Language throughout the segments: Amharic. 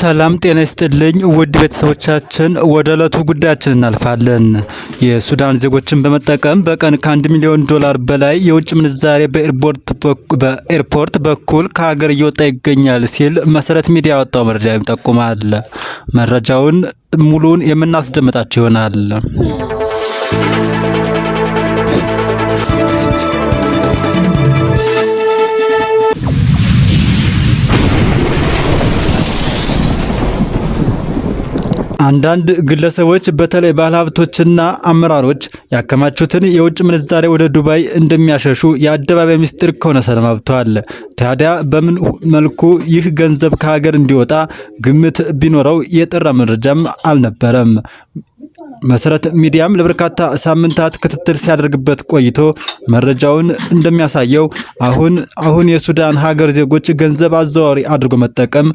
ሰላም ጤና ይስጥልኝ ውድ ቤተሰቦቻችን፣ ወደ ዕለቱ ጉዳያችን እናልፋለን። የሱዳን ዜጎችን በመጠቀም በቀን ከአንድ ሚሊዮን ዶላር በላይ የውጭ ምንዛሬ በኤርፖርት በኩል ከሀገር እየወጣ ይገኛል ሲል መሰረት ሚዲያ ያወጣው መረጃ ይጠቁማል። መረጃውን ሙሉን የምናስደምጣቸው ይሆናል። አንዳንድ ግለሰቦች በተለይ ባለሀብቶችና አመራሮች ያከማቹትን የውጭ ምንዛሬ ወደ ዱባይ እንደሚያሸሹ የአደባባይ ምስጢር ከሆነ ሰነባብተዋል። ታዲያ በምን መልኩ ይህ ገንዘብ ከሀገር እንዲወጣ ግምት ቢኖረው የጠራ መረጃም አልነበረም። መሰረት ሚዲያም ለበርካታ ሳምንታት ክትትል ሲያደርግበት ቆይቶ መረጃውን እንደሚያሳየው አሁን አሁን የሱዳን ሀገር ዜጎች ገንዘብ አዘዋዋሪ አድርጎ መጠቀም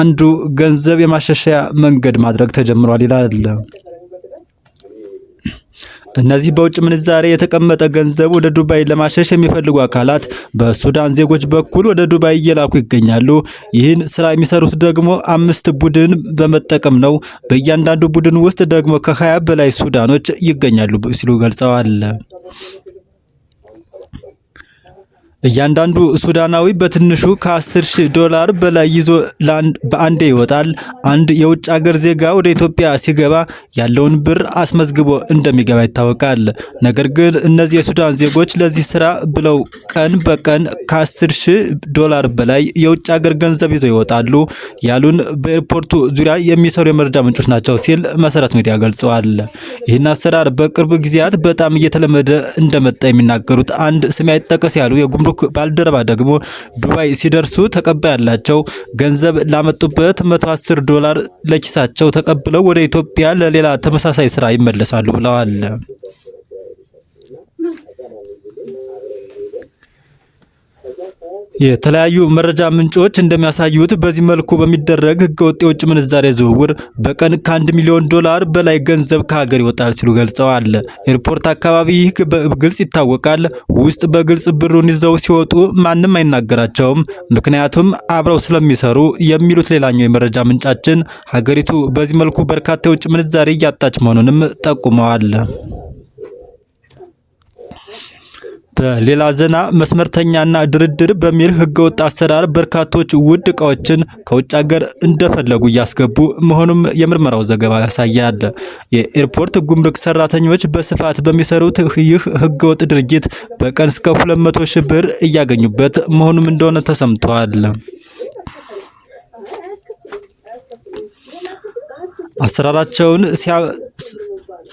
አንዱ ገንዘብ የማሸሻያ መንገድ ማድረግ ተጀምሯል ይላል። እነዚህ በውጭ ምንዛሬ የተቀመጠ ገንዘብ ወደ ዱባይ ለማሸሽ የሚፈልጉ አካላት በሱዳን ዜጎች በኩል ወደ ዱባይ እየላኩ ይገኛሉ። ይህን ስራ የሚሰሩት ደግሞ አምስት ቡድን በመጠቀም ነው። በእያንዳንዱ ቡድን ውስጥ ደግሞ ከሀያ በላይ ሱዳኖች ይገኛሉ ሲሉ ገልጸዋል። እያንዳንዱ ሱዳናዊ በትንሹ ከ10 ሺህ ዶላር በላይ ይዞ በአንዴ ይወጣል። አንድ የውጭ አገር ዜጋ ወደ ኢትዮጵያ ሲገባ ያለውን ብር አስመዝግቦ እንደሚገባ ይታወቃል። ነገር ግን እነዚህ የሱዳን ዜጎች ለዚህ ስራ ብለው ቀን በቀን ከ10 ሺህ ዶላር በላይ የውጭ አገር ገንዘብ ይዘው ይወጣሉ ያሉን በኤርፖርቱ ዙሪያ የሚሰሩ የመረጃ ምንጮች ናቸው ሲል መሰረት ሚዲያ ገልጸዋል። ይህን አሰራር በቅርብ ጊዜያት በጣም እየተለመደ እንደመጣ የሚናገሩት አንድ ስም አይጠቀስ ያሉ የጉምሩክ የብሩክ ባልደረባ ደግሞ ዱባይ ሲደርሱ ተቀባይ ያላቸው ገንዘብ ላመጡበት 110 ዶላር ለኪሳቸው ተቀብለው ወደ ኢትዮጵያ ለሌላ ተመሳሳይ ስራ ይመለሳሉ ብለዋል። የተለያዩ መረጃ ምንጮች እንደሚያሳዩት በዚህ መልኩ በሚደረግ ህገወጥ የውጭ ምንዛሬ ዝውውር በቀን ከአንድ ሚሊዮን ዶላር በላይ ገንዘብ ከሀገር ይወጣል ሲሉ ገልጸዋል። ኤርፖርት አካባቢ ይህ በግልጽ ይታወቃል። ውስጥ በግልጽ ብሩን ይዘው ሲወጡ ማንም አይናገራቸውም፣ ምክንያቱም አብረው ስለሚሰሩ የሚሉት ሌላኛው የመረጃ ምንጫችን ሀገሪቱ በዚህ መልኩ በርካታ የውጭ ምንዛሬ እያጣች መሆኑንም ጠቁመዋል። በሌላ ዜና መስመርተኛና ድርድር በሚል ህገወጥ አሰራር በርካቶች ውድ እቃዎችን ከውጭ ሀገር እንደፈለጉ እያስገቡ መሆኑም የምርመራው ዘገባ ያሳያል። የኤርፖርት ጉምሩክ ሰራተኞች በስፋት በሚሰሩት ይህ ህገወጥ ድርጊት በቀን እስከ 200 ሺህ ብር እያገኙበት መሆኑም እንደሆነ ተሰምቷል። አሰራራቸውን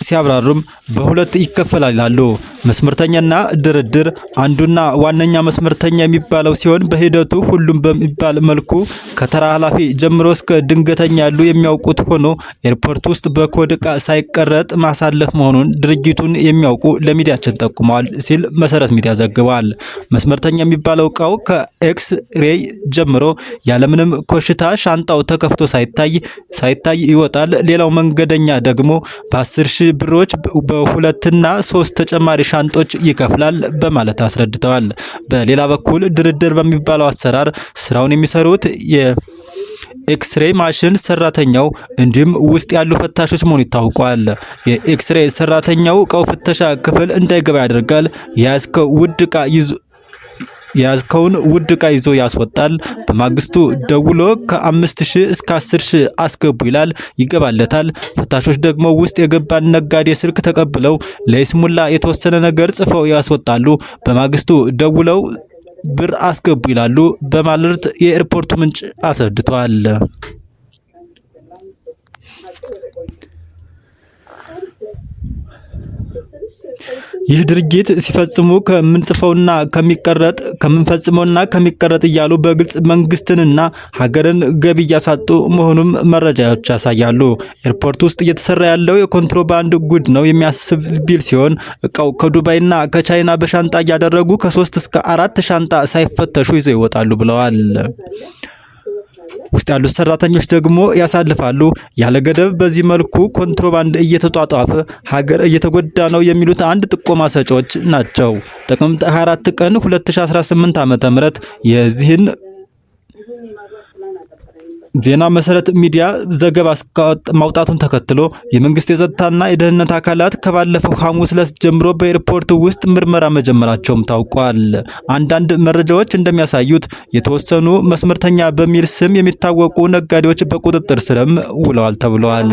ሲያብራሩም በሁለት ይከፈላል ይላሉ። መስመርተኛና ድርድር አንዱና ዋነኛ መስመርተኛ የሚባለው ሲሆን በሂደቱ ሁሉም በሚባል መልኩ ከተራ ኃላፊ ጀምሮ እስከ ድንገተኛ ያሉ የሚያውቁት ሆኖ ኤርፖርት ውስጥ በኮድ ዕቃ ሳይቀረጥ ማሳለፍ መሆኑን ድርጊቱን የሚያውቁ ለሚዲያችን ጠቁመዋል ሲል መሰረት ሚዲያ ዘግቧል። መስመርተኛ የሚባለው እቃው ከኤክስ ሬይ ጀምሮ ያለምንም ኮሽታ ሻንጣው ተከፍቶ ሳይታይ ሳይታይ ይወጣል። ሌላው መንገደኛ ደግሞ በ10 ሺህ ብሮች በሁለትና ሶስት ተጨማሪ ሻንጦች ይከፍላል በማለት አስረድተዋል። በሌላ በኩል ድርድር በሚባለው አሰራር ስራውን የሚሰሩት ኤክስሬይ ማሽን ሰራተኛው እንዲሁም ውስጥ ያሉ ፈታሾች መሆኑ ይታወቋል። የኤክስሬ ሰራተኛው እቃው ፍተሻ ክፍል እንዳይገባ ያደርጋል። የያዝከው ውድ እቃ የያዝከውን ውድ ዕቃ ይዞ ያስወጣል። በማግስቱ ደውሎ ከአምስት ሺህ እስከ አስር ሺህ አስገቡ ይላል። ይገባለታል። ፈታሾች ደግሞ ውስጥ የገባን ነጋዴ ስልክ ተቀብለው ለይስሙላ የተወሰነ ነገር ጽፈው ያስወጣሉ። በማግስቱ ደውለው ብር አስገቡ ይላሉ በማለት የኤርፖርቱ ምንጭ አስረድቷል። ይህ ድርጊት ሲፈጽሙ ከምንጽፈውና ከሚቀረጥ ከምንፈጽመውና ከሚቀረጥ እያሉ በግልጽ መንግስትንና ሀገርን ገቢ እያሳጡ መሆኑም መረጃዎች ያሳያሉ። ኤርፖርት ውስጥ እየተሰራ ያለው የኮንትሮባንድ ጉድ ነው የሚያስብ ቢል ሲሆን እቃው ከዱባይና ከቻይና በሻንጣ እያደረጉ ከሶስት እስከ አራት ሻንጣ ሳይፈተሹ ይዘው ይወጣሉ ብለዋል። ውስጥ ያሉት ሰራተኞች ደግሞ ያሳልፋሉ። ያለ ገደብ በዚህ መልኩ ኮንትሮባንድ እየተጧጧፈ ሀገር እየተጎዳ ነው የሚሉት አንድ ጥቆማ ሰጪዎች ናቸው። ጥቅምት 24 ቀን 2018 ም የዚህን ዜና መሰረት ሚዲያ ዘገባ ማውጣቱን ተከትሎ የመንግስት የጸጥታና የደህንነት አካላት ከባለፈው ሐሙስ ዕለት ጀምሮ በኤርፖርት ውስጥ ምርመራ መጀመራቸውም ታውቋል። አንዳንድ መረጃዎች እንደሚያሳዩት የተወሰኑ መስመርተኛ በሚል ስም የሚታወቁ ነጋዴዎች በቁጥጥር ስርም ውለዋል ተብለዋል።